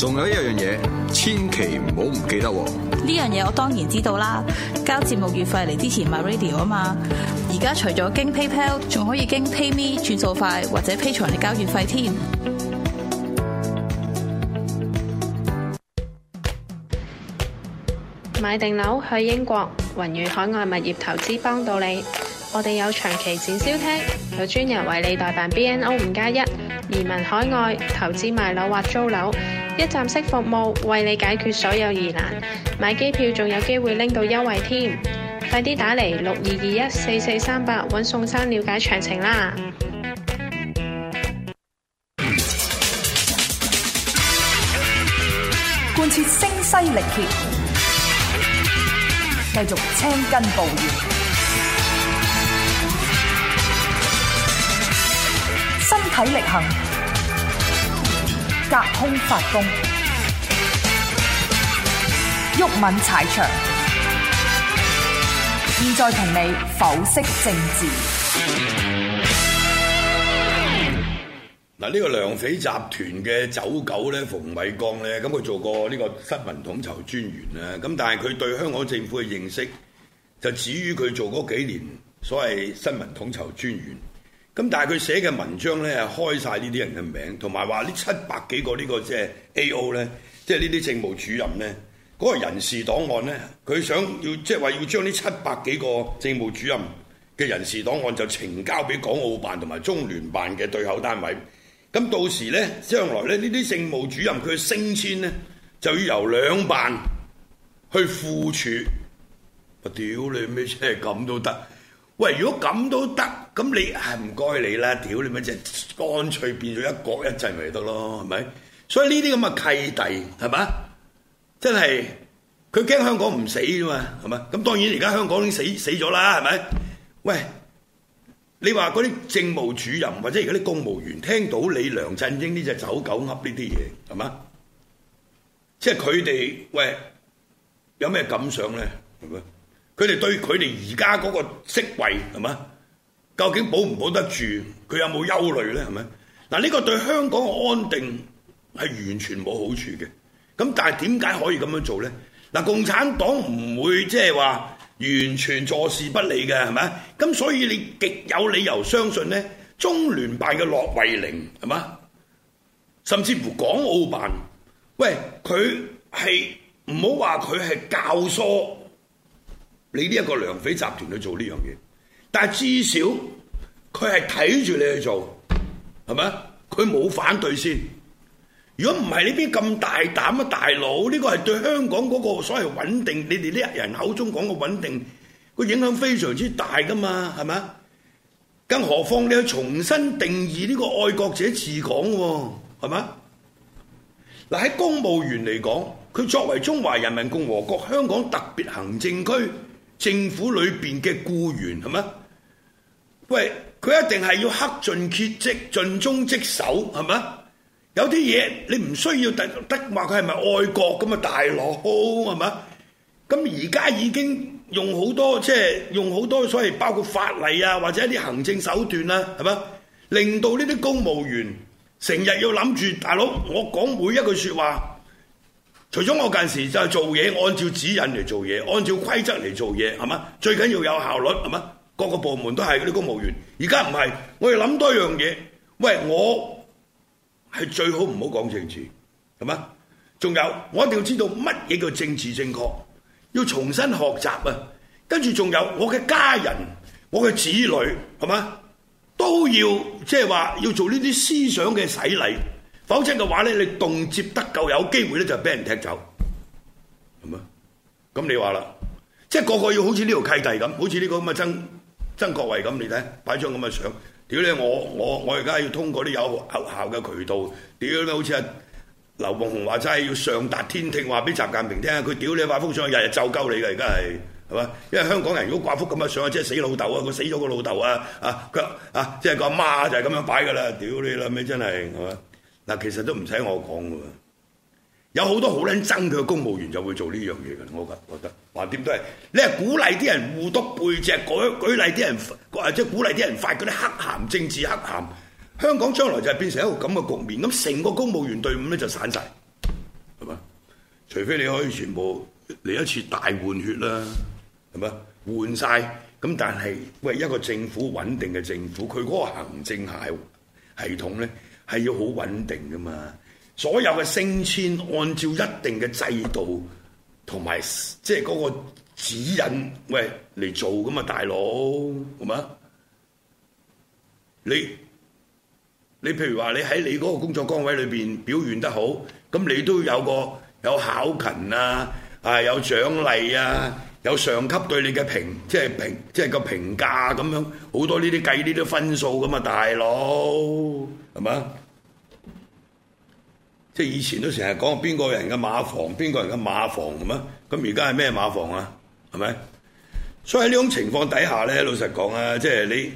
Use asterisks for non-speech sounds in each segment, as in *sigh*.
仲有一樣嘢，千祈唔好唔記得喎。呢樣嘢我當然知道啦，交節目月費嚟之前買 Radio 啊嘛。而家除咗經 PayPal，仲可以經 PayMe 轉數快，或者 Patreon 嚟交月費添。 *music* 買定樓去英國，雲越海外物業投資幫到你。我哋有長期展銷廳，有專人為你代辦 BNO 五加一移民海外投資買樓或租樓。一站式服務，為你解決所有疑難。買機票仲有機會拎到優惠添，快啲打嚟六二二一四四三八，搵宋生了解詳情啦。貫徹聲嘶力竭，繼續青筋暴現，身體力行。隔空發功，毓民踩場，現在同你剖析政治。嗱，呢個梁匪集團嘅走狗咧，馮偉光咧，咁佢做過呢個新聞統籌專員啦，咁但係佢對香港政府嘅認識，就止於佢做嗰幾年所謂新聞統籌專員。咁但係佢寫嘅文章咧，開晒呢啲人嘅名，同埋話呢七百幾個呢個 A o, 即係 A.O. 咧，即係呢啲政務主任咧，嗰個人事檔案咧，佢想要即係話要將呢七百幾個政務主任嘅人事檔案就呈交俾港澳辦同埋中聯辦嘅對口單位。咁到時咧，將來咧，呢啲政務主任佢升遷咧，就要由兩辦去副處。我屌你咩車，咁都得？喂，如果咁都得，咁你係唔該你啦，屌你乜啫，乾脆變咗一國一制咪得咯，係咪？所以呢啲咁嘅契弟係嘛？真係佢驚香港唔死啫嘛，係嘛？咁當然而家香港已經死死咗啦，係咪？喂，你話嗰啲政務主任或者而家啲公務員聽到你梁振英呢隻走狗噏呢啲嘢係嘛？即係佢哋喂有咩感想咧？係咪？佢哋對佢哋而家嗰個職位係嘛？究竟保唔保得住？佢有冇憂慮呢？係咪？嗱、這、呢個對香港嘅安定係完全冇好處嘅。咁但係點解可以咁樣做呢？嗱，共產黨唔會即係話完全坐視不理嘅係咪？咁所以你極有理由相信呢，中聯辦嘅駱惠寧係嘛？甚至乎港澳辦，喂，佢係唔好話佢係教唆。你呢一個梁匪集團去做呢樣嘢，但係至少佢係睇住你去做，係咪？佢冇反對先。如果唔係呢邊咁大膽啊，大佬，呢個係對香港嗰個所謂穩定，你哋呢人口中講嘅穩定，個影響非常之大噶嘛，係咪？更何況你去重新定義呢個愛國者治港喎。啊，係咪？嗱，喺公務員嚟講，佢作為中華人民共和國香港特別行政區。政府裏邊嘅雇員係咪？喂，佢一定係要克盡厥職，盡忠職守係咪？有啲嘢你唔需要特登話佢係咪愛國咁嘅，大佬係咪？咁而家已經用好多即係用好多，所謂包括法例啊，或者一啲行政手段啦，啊，係咪？令到呢啲公務員成日要諗住，大佬我講每一句説話。除咗我近時就係做嘢，按照指引嚟做嘢，按照規則嚟做嘢，係嘛？最緊要有效率，係嘛？各個部門都係嗰啲公務員，而家唔係，我要諗多樣嘢。喂，我係最好唔好講政治，係嘛？仲有，我一定要知道乜嘢叫政治正確，要重新學習啊！跟住仲有，我嘅家人、我嘅子女，係嘛？都要即係話要做呢啲思想嘅洗禮。否則嘅話咧，你動接得夠有機會咧，就係俾人踢走，係咪？咁你話啦，即係個個要好似呢條契弟咁，好似呢個咁嘅曾曾國衞咁，你睇擺張咁嘅相，屌你！我我我而家要通過啲有有效嘅渠道，屌你！好似阿劉夢熊話齋，要上達天聽，話俾習近平聽啊！佢屌你，把幅相日日就鳩你嘅，而家係係嘛？因為香港人如果掛幅咁嘅相即係死老豆啊！佢死咗個老豆啊！啊佢啊，即係個阿媽就係咁樣擺㗎啦！屌你諗咩？真係係嘛？但其實都唔使我講喎，有好多好撚憎佢嘅公務員就會做呢樣嘢嘅，我覺覺得，橫掂都係你係鼓勵啲人互篤背脊，舉舉例啲人，或者鼓勵啲人發嗰啲黑函政治黑函，香港將來就係變成一個咁嘅局面，咁成個公務員隊伍咧就散晒，係嘛？除非你可以全部嚟一次大換血啦，係嘛？換晒。咁，但係喂一個政府穩定嘅政府，佢嗰個行政系系統咧。係要好穩定噶嘛？所有嘅升遷按照一定嘅制度同埋即係嗰個指引，喂嚟做噶嘛，大佬好嘛？你你譬如話你喺你嗰個工作崗位裏邊表現得好，咁你都有個有考勤啊，啊有獎勵啊，有上級對你嘅評，即係評即係個評價咁樣，好多呢啲計呢啲分數噶嘛，大佬。係嘛？即係以前都成日講邊個人嘅馬房，邊個人嘅馬房咁啊。咁而家係咩馬房啊？係咪？所以喺呢種情況底下咧，老實講啊，即係你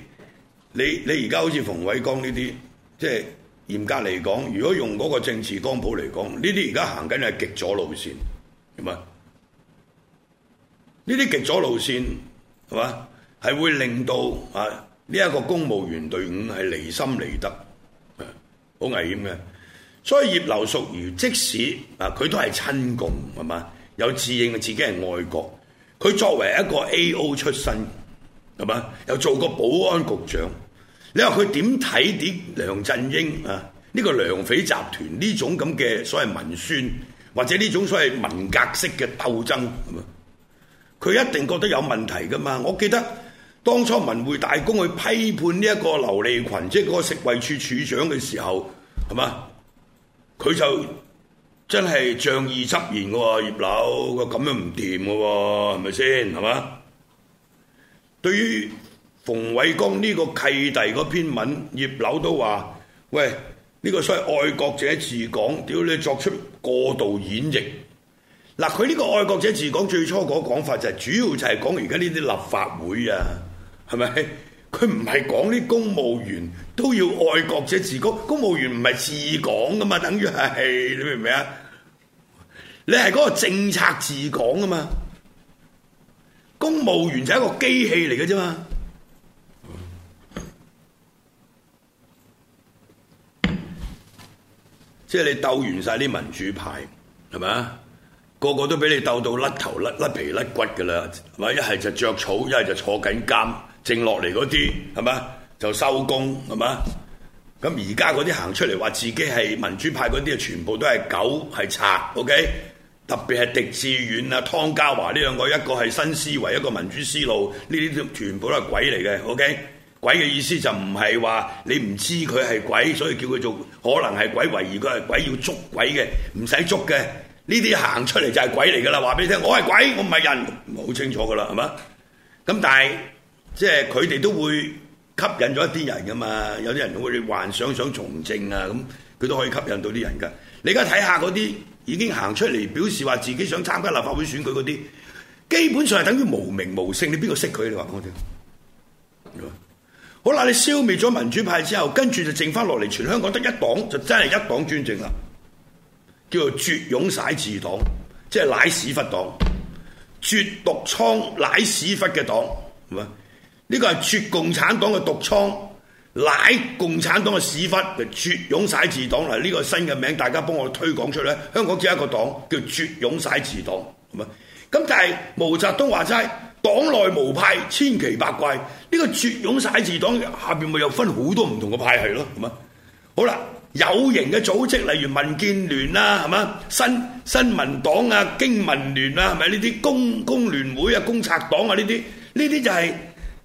你你而家好似馮偉光呢啲，即係嚴格嚟講，如果用嗰個政治光譜嚟講，呢啲而家行緊係極左路線，係咪？呢啲極左路線係嘛，係會令到啊呢一個公務員隊伍係離心離德。好危險嘅，所以葉劉淑儀即使啊，佢都係親共係嘛，有自認自己係愛國，佢作為一個 AO 出身係嘛，又做過保安局長，你話佢點睇啲梁振英啊？呢個梁匪集團呢種咁嘅所謂文宣，或者呢種所謂文革式嘅鬥爭，係嘛，佢一定覺得有問題噶嘛？我記得。當初文匯大公去批判呢一個劉利群，即係嗰個食衞處處長嘅時候，係嘛？佢就真係仗義執言嘅喎，葉劉個咁樣唔掂嘅喎，係咪先？係嘛？對於馮偉剛呢個契弟嗰篇文，葉劉都話，喂，呢個所謂愛國者治港，屌你作出過度演繹。嗱，佢呢個愛國者治港最初嗰講法就係主要就係講而家呢啲立法會啊。係咪？佢唔係講啲公務員都要愛國者治國，公務員唔係治港噶嘛？等於係你明唔明啊？你係嗰個政策治港噶嘛？公務員就係一個機器嚟嘅啫嘛。 *laughs* 即係你鬥完晒啲民主派，係咪啊？個個都俾你鬥到甩頭甩甩皮甩骨噶啦，係咪一係就着草，一係就坐緊監。剩落嚟嗰啲係嘛，就收工係嘛？咁而家嗰啲行出嚟話自己係民主派嗰啲啊，全部都係狗、係賊，OK？特別係狄志遠啊、湯家驊呢兩個，一個係新思維，一個民主思路，呢啲全部都係鬼嚟嘅，OK？鬼嘅意思就唔係話你唔知佢係鬼，所以叫佢做可能係鬼，懷疑佢係鬼，要捉鬼嘅，唔使捉嘅。呢啲行出嚟就係鬼嚟㗎啦！話俾你聽，我係鬼，我唔係人，好清楚㗎啦，係嘛？咁但係。即係佢哋都會吸引咗一啲人噶嘛，有啲人會幻想想從政啊，咁佢都可以吸引到啲人噶。你而家睇下嗰啲已經行出嚟表示話自己想參加立法會選舉嗰啲，基本上係等於無名無姓，你邊個識佢？你話畀我聽？好啦，你消滅咗民主派之後，跟住就剩翻落嚟，全香港得一黨，就真係一黨專政啦，叫做吮癰舐痔黨，即係舐屎忽黨、吮毒瘡舐屎忽嘅黨，係咪？呢個係吮共產黨嘅毒瘡，乃共產黨嘅屎忽，吮癰舐痔黨係呢個新嘅名，大家幫我推廣出嚟。香港只有一個黨叫吮癰舐痔黨，係嘛？咁但係毛澤東話齋，黨內無派，千奇百怪。呢、這個吮癰舐痔黨下面咪有分好多唔同嘅派系咯，好啦，有形嘅組織，例如民建聯啦，係嘛？新新民黨啊，經民聯啊，係咪呢啲工工聯會啊，公策黨啊呢啲？呢啲就係、是。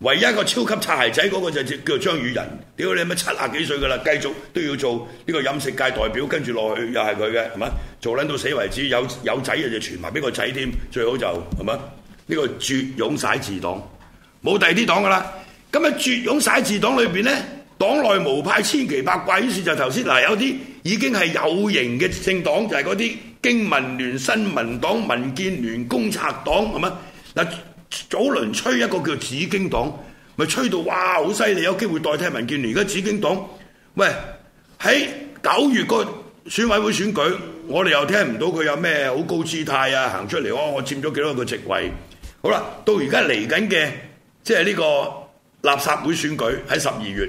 唯一一個超級擦鞋仔嗰個就叫張宇人，屌你乜七廿幾歲噶啦，繼續都要做呢個飲食界代表，跟住落去又係佢嘅，係嘛？做撚到死為止，有有仔就傳埋俾個仔添，最好就係、是、嘛？呢、這個吮癰舐痔黨，冇第二啲黨噶啦。咁啊，吮癰舐痔黨裏邊呢，黨內無派，千奇百怪。於是就頭先嗱，有啲已經係有形嘅政黨，就係嗰啲經民聯、新民黨、民建聯、工賊黨，係嘛嗱。早輪吹一個叫紫荊黨，咪吹到哇好犀利，有機會代替民建聯。而家紫荊黨，喂，喺九月個選委會選舉，我哋又聽唔到佢有咩好高姿態啊，行出嚟哦，我佔咗幾多個席位。好啦，到而家嚟緊嘅，即係呢個垃圾會選舉喺十二月，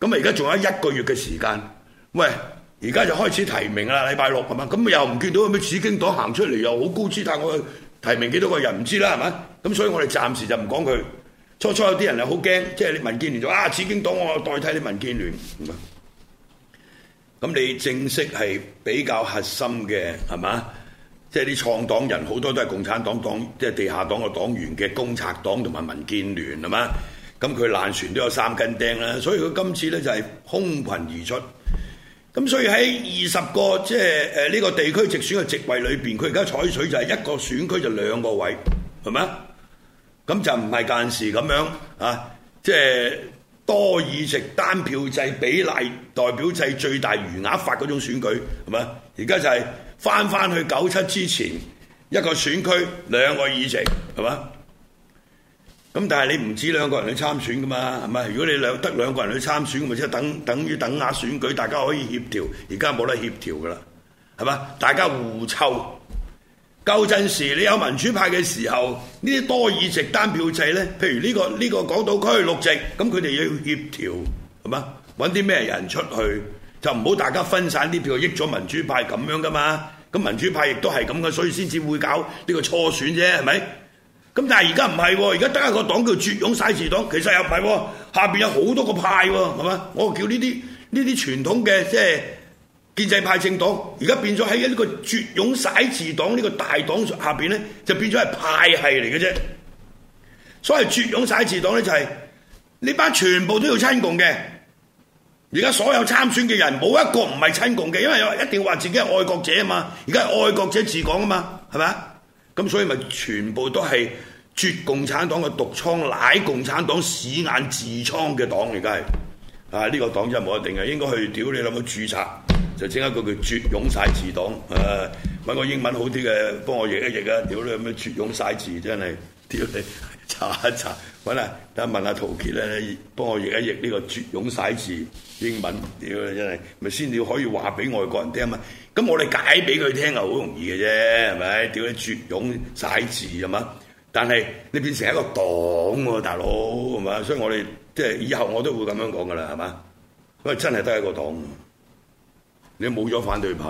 咁啊而家仲有一個月嘅時間。喂，而家就開始提名啦，禮拜六係嘛，咁又唔見到有咩紫荊黨行出嚟，又好高姿態我。提名幾多個人唔知啦，係嘛？咁所以我哋暫時就唔講佢。初初有啲人係好驚，即係民建聯就啊，紫荊黨我代替你民建聯。咁你正式係比較核心嘅係嘛？即係啲創黨人好多都係共產黨黨即係地下黨嘅黨員嘅工賊黨同埋民建聯係嘛？咁佢爛船都有三根釘啦，所以佢今次咧就係空群而出。咁所以喺二十個即係誒呢個地區直選嘅席位裏邊，佢而家採取就係一個選區就兩個位，係咪啊？咁就唔係舊時咁樣啊，即係多議席單票制比例代表制最大餘額法嗰種選舉，係咪啊？而家就係翻翻去九七之前一個選區兩個議席，係咪啊？咁但係你唔止兩個人去參選噶嘛，係咪？如果你兩得兩個人去參選，咪即係等等於等額選舉，大家可以協調。而家冇得協調噶啦，係嘛？大家互抽。舊陣時你有民主派嘅時候，呢啲多議席單票制呢，譬如呢、這個呢、這個港島區六席，咁佢哋要協調係嘛？揾啲咩人出去就唔好大家分散啲票，益咗民主派咁樣噶嘛？咁民主派亦都係咁嘅，所以先至會搞呢個初選啫，係咪？咁但係而家唔係喎，而家得一個黨叫吮癰舐痔黨，其實又唔係喎，下邊有好多個派喎，係嘛？我叫呢啲呢啲傳統嘅即係建制派政黨，而家變咗喺一個吮癰舐痔黨呢個大黨下邊咧，就變咗係派系嚟嘅啫。所謂吮癰舐痔黨咧就係呢班全部都要親共嘅。而家所有參選嘅人冇一個唔係親共嘅，因為有一定要話自己係愛國者啊嘛。而家係愛國者治港啊嘛，係咪？咁所以咪全部都係吮共產黨嘅毒瘡，舐共產黨屎眼痔瘡嘅黨。而家係啊，呢個黨真係冇得定嘅，應該去屌你諗唔諗註冊，就整一個叫吮癰舐痔黨誒，揾個英文好啲嘅幫我譯一譯啊，屌你咁樣吮癰舐痔真係。屌你查一查，揾啊！等下問下陶傑咧，幫我譯一譯呢個吮癰舐痔四字英文，屌真係，咪先你可以話俾外國人聽嘛？咁我哋解俾佢聽啊，好容易嘅啫，係咪？屌你吮癰舐痔四字係嘛？但係你變成一個黨喎、啊，大佬係咪？所以我哋即係以後我都會咁樣講㗎啦，係嘛？因為真係得一個黨，你冇咗反對派，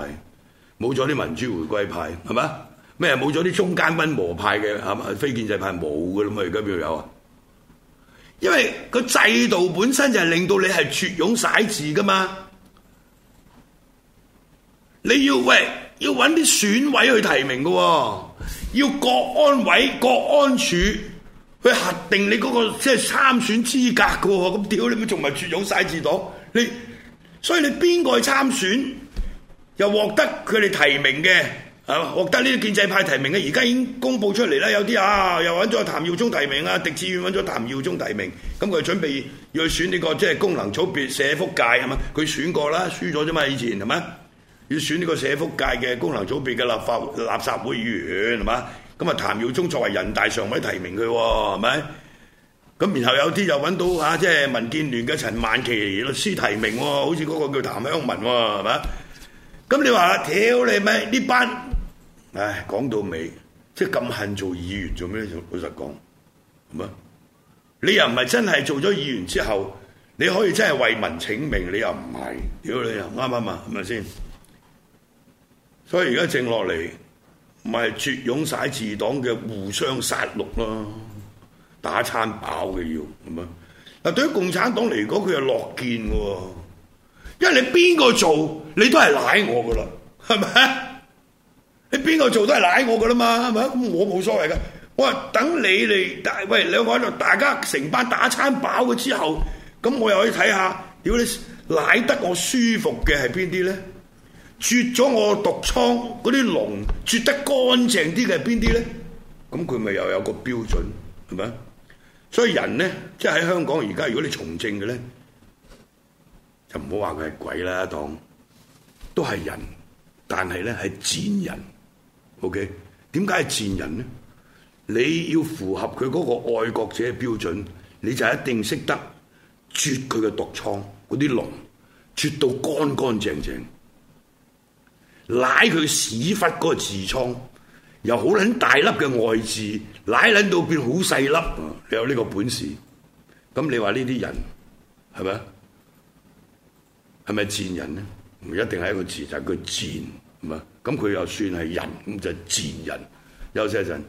冇咗啲民主回歸派，係嘛？咩冇咗啲中間溫磨派嘅啊？嘛，非建制派冇噶咯，咁而家邊度有啊？因為個制度本身就係令到你係撮勇晒字噶嘛，你要喂要揾啲選委去提名噶、哦，要國安委國安署去核定你嗰、那個即係參選資格噶、哦，咁屌你咪仲咪撮勇晒字黨？你所以你邊個參選又獲得佢哋提名嘅？啊！獲得呢啲建制派提名嘅，而家已經公佈出嚟啦。有啲啊，又揾咗譚耀宗提名啊，狄志遠揾咗譚耀宗提名。咁佢準備要去選呢個即係功能組別社福界，係嘛？佢選過啦，輸咗啫嘛。以前係咪？要選呢個社福界嘅功能組別嘅立法垃圾會議員係嘛？咁啊，譚耀宗作為人大常委提名佢喎，係咪？咁然後有啲又揾到啊，即係民建聯嘅陳曼琪律師提名，好似嗰個叫譚香文喎，係嘛？咁你話啊，屌你咪呢班？唉，講到尾，即係咁恨做議員做咩咧？就老實講，係咪？你又唔係真係做咗議員之後，你可以真係為民請命？你又唔係，屌你又啱唔啱？係咪先？所以而家剩落嚟，咪、就是、吮癰舐痔黨嘅互相殺戮咯，打餐飽嘅要，係咪？嗱，對於共產黨嚟講，佢又樂見嘅喎。因為你邊個做，你都係舐我噶啦，係咪？你邊個做都係舐我噶啦嘛，係咪？咁我冇所謂噶，我話，等你哋，喂，兩個喺度，大家成班打餐飽咗之後，咁我又可以睇下，屌你舐得我舒服嘅係邊啲咧？啜咗我毒瘡嗰啲膿，啜得乾淨啲嘅係邊啲咧？咁佢咪又有個標準，係咪？所以人咧，即係喺香港而家，如果你從政嘅咧。就唔好話佢係鬼啦，當、啊、都係人，但係咧係賤人，OK？點解係賤人呢？你要符合佢嗰個愛國者嘅標準，你就一定識得啜佢嘅毒瘡，嗰啲膿啜到乾乾淨淨，舐佢屎忽嗰個痔瘡，由好撚大粒嘅外痔，舐撚到變好細粒，你有呢個本事，咁你話呢啲人係咪啊？係咪賤人呢？唔一定係一個字，就係、係、佢賤，咁佢又算係人，就就係、賤人。休息陣。